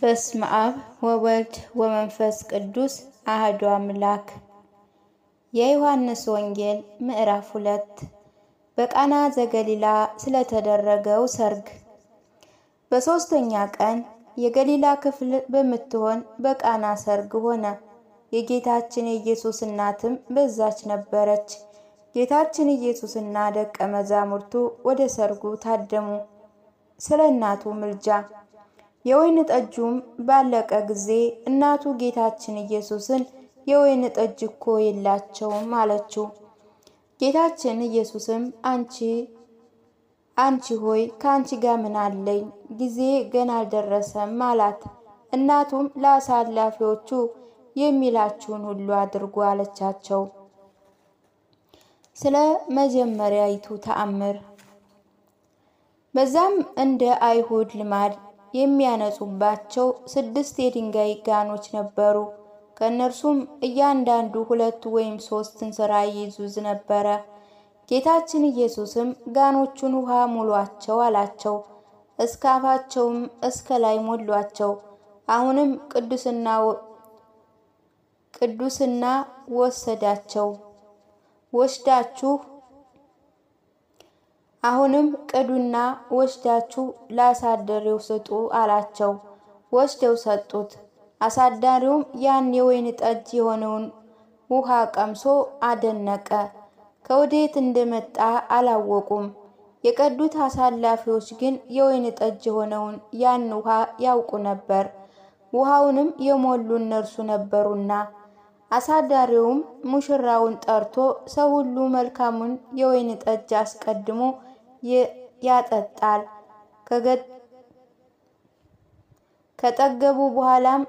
በስመ አብ ወወልድ ወመንፈስ ቅዱስ አህዱ አምላክ። የዮሐንስ ወንጌል ምዕራፍ ሁለት በቃና ዘገሊላ ስለተደረገው ሰርግ። በሦስተኛ ቀን የገሊላ ክፍል በምትሆን በቃና ሰርግ ሆነ። የጌታችን የኢየሱስ እናትም በዛች ነበረች። ጌታችን ኢየሱስና ደቀ መዛሙርቱ ወደ ሰርጉ ታደሙ። ስለ እናቱ ምልጃ የወይን ጠጁም ባለቀ ጊዜ እናቱ ጌታችን ኢየሱስን የወይን ጠጅ እኮ የላቸውም አለችው። ጌታችን ኢየሱስም አንቺ አንቺ ሆይ ከአንቺ ጋር ምን አለኝ ጊዜ ገና አልደረሰም አላት። እናቱም ለአሳላፊዎቹ የሚላችሁን ሁሉ አድርጉ አለቻቸው። ስለ መጀመሪያይቱ ተአምር በዛም እንደ አይሁድ ልማድ የሚያነጹባቸው ስድስት የድንጋይ ጋኖች ነበሩ። ከእነርሱም እያንዳንዱ ሁለት ወይም ሶስት እንስራ ይይዙዝ ነበረ። ጌታችን ኢየሱስም ጋኖቹን ውሃ ሙሏቸው አላቸው። እስከ አፋቸውም እስከ ላይ ሞሏቸው። አሁንም ቅዱስና ቅዱስና ወሰዳቸው ወስዳችሁ አሁንም ቅዱና ወስዳችሁ ለአሳደሪው ስጡ አላቸው። ወስደው ሰጡት። አሳዳሪውም ያን የወይን ጠጅ የሆነውን ውሃ ቀምሶ አደነቀ። ከወዴት እንደመጣ አላወቁም። የቀዱት አሳላፊዎች ግን የወይን ጠጅ የሆነውን ያን ውሃ ያውቁ ነበር። ውሃውንም የሞሉ እነርሱ ነበሩና አሳዳሪውም ሙሽራውን ጠርቶ ሰው ሁሉ መልካሙን የወይን ጠጅ አስቀድሞ ያጠጣል። ከጠገቡ በኋላም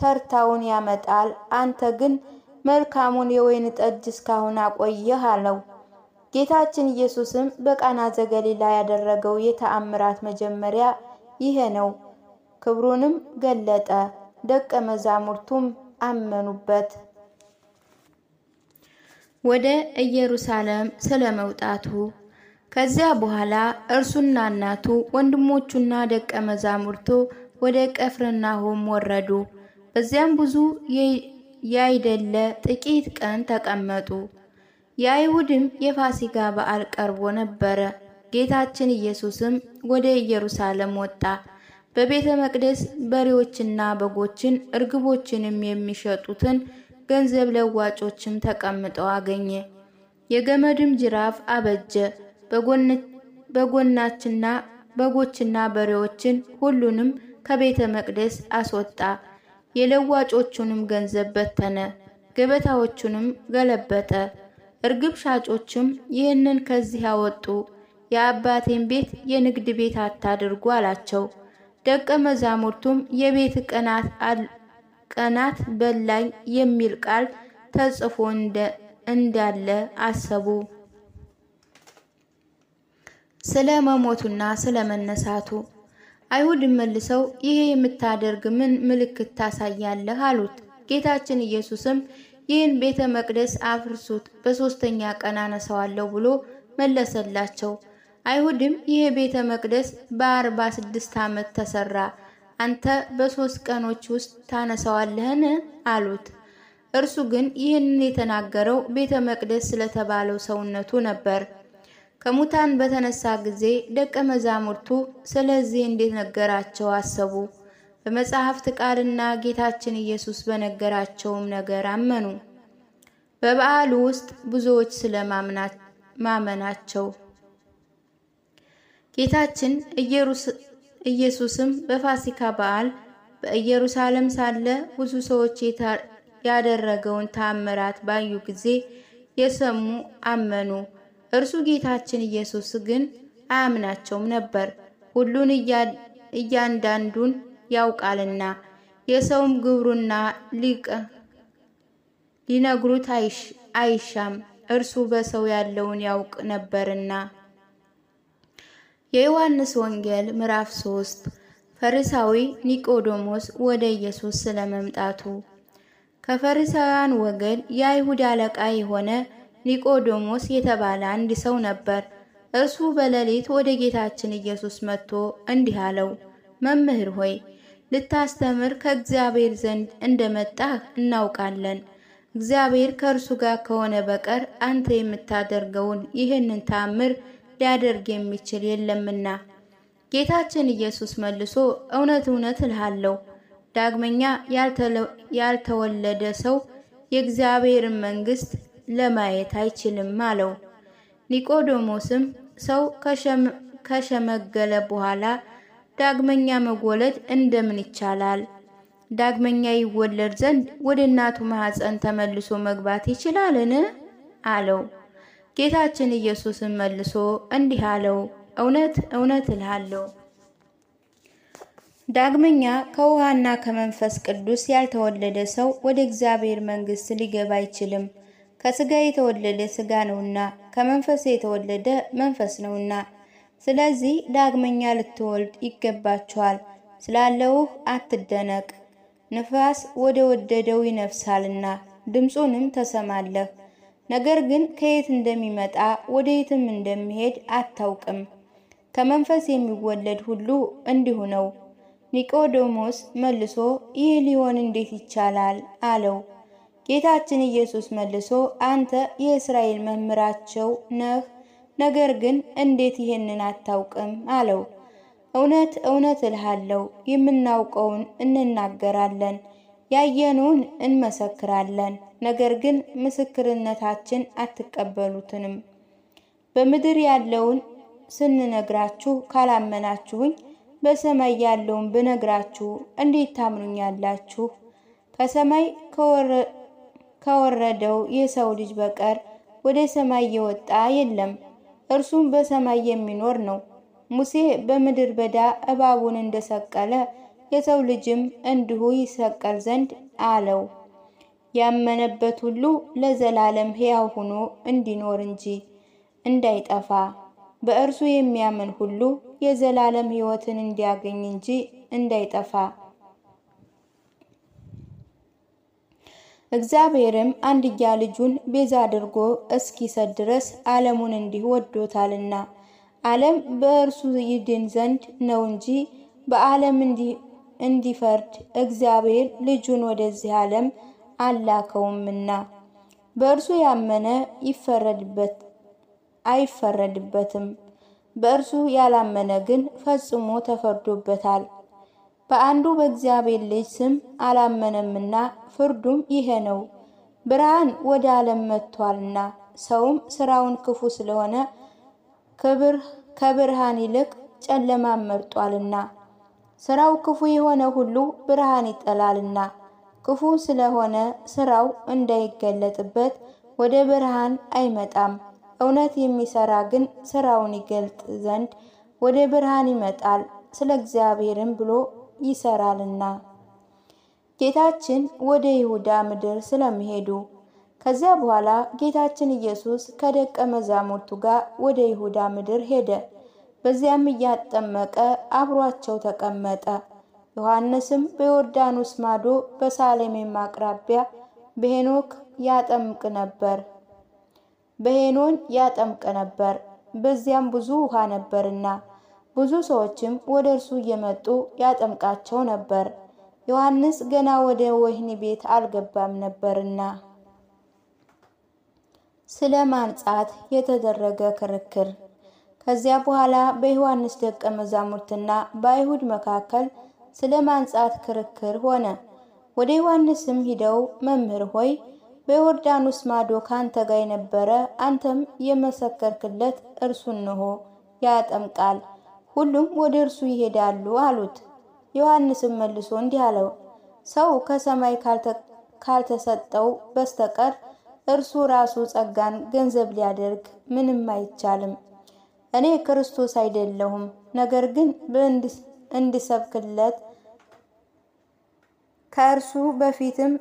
ተርታውን ያመጣል። አንተ ግን መልካሙን የወይን ጠጅ እስካሁን አቆየህ አለው። ጌታችን ኢየሱስም በቃና ዘገሊላ ያደረገው የተአምራት መጀመሪያ ይሄ ነው። ክብሩንም ገለጠ፣ ደቀ መዛሙርቱም አመኑበት። ወደ ኢየሩሳሌም ስለ መውጣቱ ከዚያ በኋላ እርሱና እናቱ ወንድሞቹና ደቀ መዛሙርቱ ወደ ቅፍርናሆም ወረዱ። በዚያም ብዙ ያይደለ ጥቂት ቀን ተቀመጡ። የአይሁድም የፋሲጋ በዓል ቀርቦ ነበረ። ጌታችን ኢየሱስም ወደ ኢየሩሳሌም ወጣ። በቤተ መቅደስ በሬዎችና በጎችን እርግቦችንም የሚሸጡትን ገንዘብ ለዋጮችም ተቀምጠው አገኘ። የገመድም ጅራፍ አበጀ። በጎናችና በጎችና በሬዎችን ሁሉንም ከቤተ መቅደስ አስወጣ። የለዋጮቹንም ገንዘብ በተነ፣ ገበታዎቹንም ገለበጠ። እርግብ ሻጮችም ይህንን ከዚህ አወጡ፣ የአባቴን ቤት የንግድ ቤት አታድርጉ አላቸው። ደቀ መዛሙርቱም የቤት ቀናት በላኝ የሚል ቃል ተጽፎ እንዳለ አሰቡ። ስለ መሞቱና ስለ መነሳቱ። አይሁድ መልሰው ይሄ የምታደርግ ምን ምልክት ታሳያለህ? አሉት። ጌታችን ኢየሱስም ይህን ቤተ መቅደስ አፍርሱት፣ በሦስተኛ ቀን አነሳዋለሁ ብሎ መለሰላቸው። አይሁድም ይሄ ቤተ መቅደስ በአርባ ስድስት ዓመት ተሰራ፣ አንተ በሦስት ቀኖች ውስጥ ታነሳዋለህን? አሉት። እርሱ ግን ይህንን የተናገረው ቤተ መቅደስ ስለተባለው ሰውነቱ ነበር። ከሙታን በተነሳ ጊዜ ደቀ መዛሙርቱ ስለዚህ እንዴት ነገራቸው አሰቡ። በመጽሐፍት ቃልና ጌታችን ኢየሱስ በነገራቸውም ነገር አመኑ። በበዓሉ ውስጥ ብዙዎች ስለ ማመናቸው ጌታችን ኢየሱስም በፋሲካ በዓል በኢየሩሳሌም ሳለ ብዙ ሰዎች ያደረገውን ተአምራት ባዩ ጊዜ የሰሙ አመኑ። እርሱ ጌታችን ኢየሱስ ግን አያምናቸውም ነበር፣ ሁሉን እያንዳንዱን ያውቃልና የሰውም ግብሩና ሊቀ ሊነግሩት አይሻም። እርሱ በሰው ያለውን ያውቅ ነበርና። የዮሐንስ ወንጌል ምዕራፍ 3 ፈሪሳዊ ኒቆዶሞስ ወደ ኢየሱስ ስለመምጣቱ ከፈሪሳውያን ወገን የአይሁድ አለቃ የሆነ ኒቆዶሞስ የተባለ አንድ ሰው ነበር። እርሱ በሌሊት ወደ ጌታችን ኢየሱስ መጥቶ እንዲህ አለው፣ መምህር ሆይ ልታስተምር ከእግዚአብሔር ዘንድ እንደመጣህ እናውቃለን። እግዚአብሔር ከእርሱ ጋር ከሆነ በቀር አንተ የምታደርገውን ይህንን ታምር ሊያደርግ የሚችል የለምና። ጌታችን ኢየሱስ መልሶ እውነት እውነት እልሃለሁ ዳግመኛ ያልተወለደ ሰው የእግዚአብሔርን መንግሥት ለማየት አይችልም አለው። ኒቆዶሞስም ሰው ከሸመገለ በኋላ ዳግመኛ መጎለድ እንደምን ይቻላል? ዳግመኛ ይወለድ ዘንድ ወደ እናቱ ማኅፀን ተመልሶ መግባት ይችላልን? አለው። ጌታችን ኢየሱስን መልሶ እንዲህ አለው፣ እውነት እውነት እልሃለሁ ዳግመኛ ከውሃና ከመንፈስ ቅዱስ ያልተወለደ ሰው ወደ እግዚአብሔር መንግሥት ሊገባ አይችልም። ከስጋ የተወለደ ስጋ ነውና ከመንፈስ የተወለደ መንፈስ ነውና፣ ስለዚህ ዳግመኛ ልትወልድ ይገባችኋል ስላለውህ አትደነቅ። ንፋስ ወደ ወደደው ይነፍሳልና ድምፁንም ተሰማለህ፣ ነገር ግን ከየት እንደሚመጣ ወደ የትም እንደሚሄድ አታውቅም። ከመንፈስ የሚወለድ ሁሉ እንዲሁ ነው። ኒቆዶሞስ መልሶ ይህ ሊሆን እንዴት ይቻላል? አለው። ጌታችን ኢየሱስ መልሶ አንተ የእስራኤል መምህራቸው ነህ፣ ነገር ግን እንዴት ይህንን አታውቅም? አለው። እውነት እውነት እልሃለሁ የምናውቀውን እንናገራለን፣ ያየነውን እንመሰክራለን፣ ነገር ግን ምስክርነታችን አትቀበሉትንም። በምድር ያለውን ስንነግራችሁ ካላመናችሁኝ በሰማይ ያለውን ብነግራችሁ እንዴት ታምኑኛላችሁ? ከሰማይ ከወረ ካወረደው የሰው ልጅ በቀር ወደ ሰማይ የወጣ የለም፣ እርሱም በሰማይ የሚኖር ነው። ሙሴ በምድር በዳ እባቡን እንደሰቀለ የሰው ልጅም እንዲሁ ይሰቀል ዘንድ አለው። ያመነበት ሁሉ ለዘላለም ሕያው ሆኖ እንዲኖር እንጂ እንዳይጠፋ፣ በእርሱ የሚያምን ሁሉ የዘላለም ሕይወትን እንዲያገኝ እንጂ እንዳይጠፋ እግዚአብሔርም አንድያ ልጁን ቤዛ አድርጎ እስኪሰጥ ድረስ ዓለሙን እንዲህ ወዶታልና ዓለም በእርሱ ይድን ዘንድ ነው እንጂ በዓለም እንዲፈርድ እግዚአብሔር ልጁን ወደዚህ ዓለም አላከውምና በእርሱ ያመነ ይፈረድበት አይፈረድበትም፣ በእርሱ ያላመነ ግን ፈጽሞ ተፈርዶበታል። በአንዱ በእግዚአብሔር ልጅ ስም አላመነምና ፍርዱም ይሄ ነው። ብርሃን ወደ ዓለም መጥቷልና ሰውም ስራውን ክፉ ስለሆነ ከብርሃን ይልቅ ጨለማ መርጧልና ስራው ክፉ የሆነ ሁሉ ብርሃን ይጠላልና ክፉ ስለሆነ ስራው እንዳይገለጥበት ወደ ብርሃን አይመጣም። እውነት የሚሰራ ግን ስራውን ይገልጥ ዘንድ ወደ ብርሃን ይመጣል። ስለ እግዚአብሔርም ብሎ ይሰራልና። ጌታችን ወደ ይሁዳ ምድር ስለሚሄዱ ከዚያ በኋላ ጌታችን ኢየሱስ ከደቀ መዛሙርቱ ጋር ወደ ይሁዳ ምድር ሄደ። በዚያም እያጠመቀ አብሯቸው ተቀመጠ። ዮሐንስም በዮርዳኖስ ማዶ በሳሌሜም አቅራቢያ በሄኖክ ያጠምቅ ነበር በሄኖን ያጠምቅ ነበር፣ በዚያም ብዙ ውሃ ነበርና ብዙ ሰዎችም ወደ እርሱ እየመጡ ያጠምቃቸው ነበር። ዮሐንስ ገና ወደ ወህኒ ቤት አልገባም ነበርና። ስለ ማንጻት የተደረገ ክርክር። ከዚያ በኋላ በዮሐንስ ደቀ መዛሙርትና በአይሁድ መካከል ስለ ማንጻት ክርክር ሆነ። ወደ ዮሐንስም ሂደው መምህር ሆይ በዮርዳኖስ ማዶ ካንተ ጋር የነበረ አንተም የመሰከርክለት እርሱ እንሆ ያጠምቃል ሁሉም ወደ እርሱ ይሄዳሉ አሉት። ዮሐንስም መልሶ እንዲህ አለው፣ ሰው ከሰማይ ካልተሰጠው በስተቀር እርሱ ራሱ ጸጋን ገንዘብ ሊያደርግ ምንም አይቻልም። እኔ ክርስቶስ አይደለሁም፣ ነገር ግን እንድሰብክለት ከእርሱ በፊትም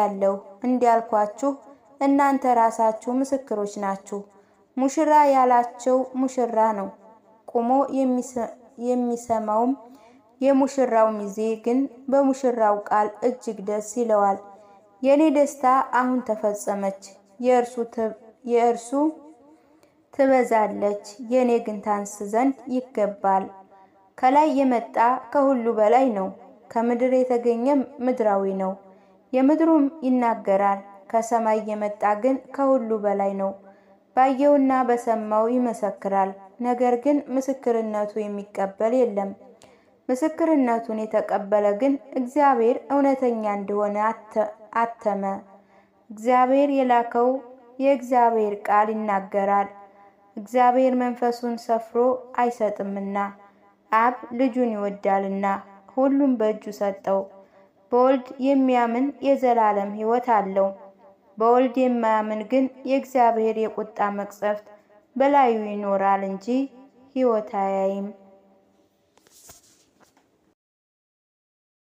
ያለው እንዲያልኳችሁ እናንተ ራሳችሁ ምስክሮች ናችሁ። ሙሽራ ያላቸው ሙሽራ ነው። ቆሞ የሚሰማውም የሙሽራው ሚዜ ግን በሙሽራው ቃል እጅግ ደስ ይለዋል። የእኔ ደስታ አሁን ተፈጸመች፣ የእርሱ ትበዛለች፣ የእኔ ግን ታንስ ዘንድ ይገባል። ከላይ የመጣ ከሁሉ በላይ ነው። ከምድር የተገኘ ምድራዊ ነው፣ የምድሩም ይናገራል። ከሰማይ የመጣ ግን ከሁሉ በላይ ነው። ባየውና በሰማው ይመሰክራል። ነገር ግን ምስክርነቱ የሚቀበል የለም። ምስክርነቱን የተቀበለ ግን እግዚአብሔር እውነተኛ እንደሆነ አተመ። እግዚአብሔር የላከው የእግዚአብሔር ቃል ይናገራል። እግዚአብሔር መንፈሱን ሰፍሮ አይሰጥምና አብ ልጁን ይወዳልና ሁሉም በእጁ ሰጠው። በወልድ የሚያምን የዘላለም ሕይወት አለው። በወልድ የማያምን ግን የእግዚአብሔር የቁጣ መቅሰፍት በላዩ ይኖራል እንጂ ሕይወት አያይም።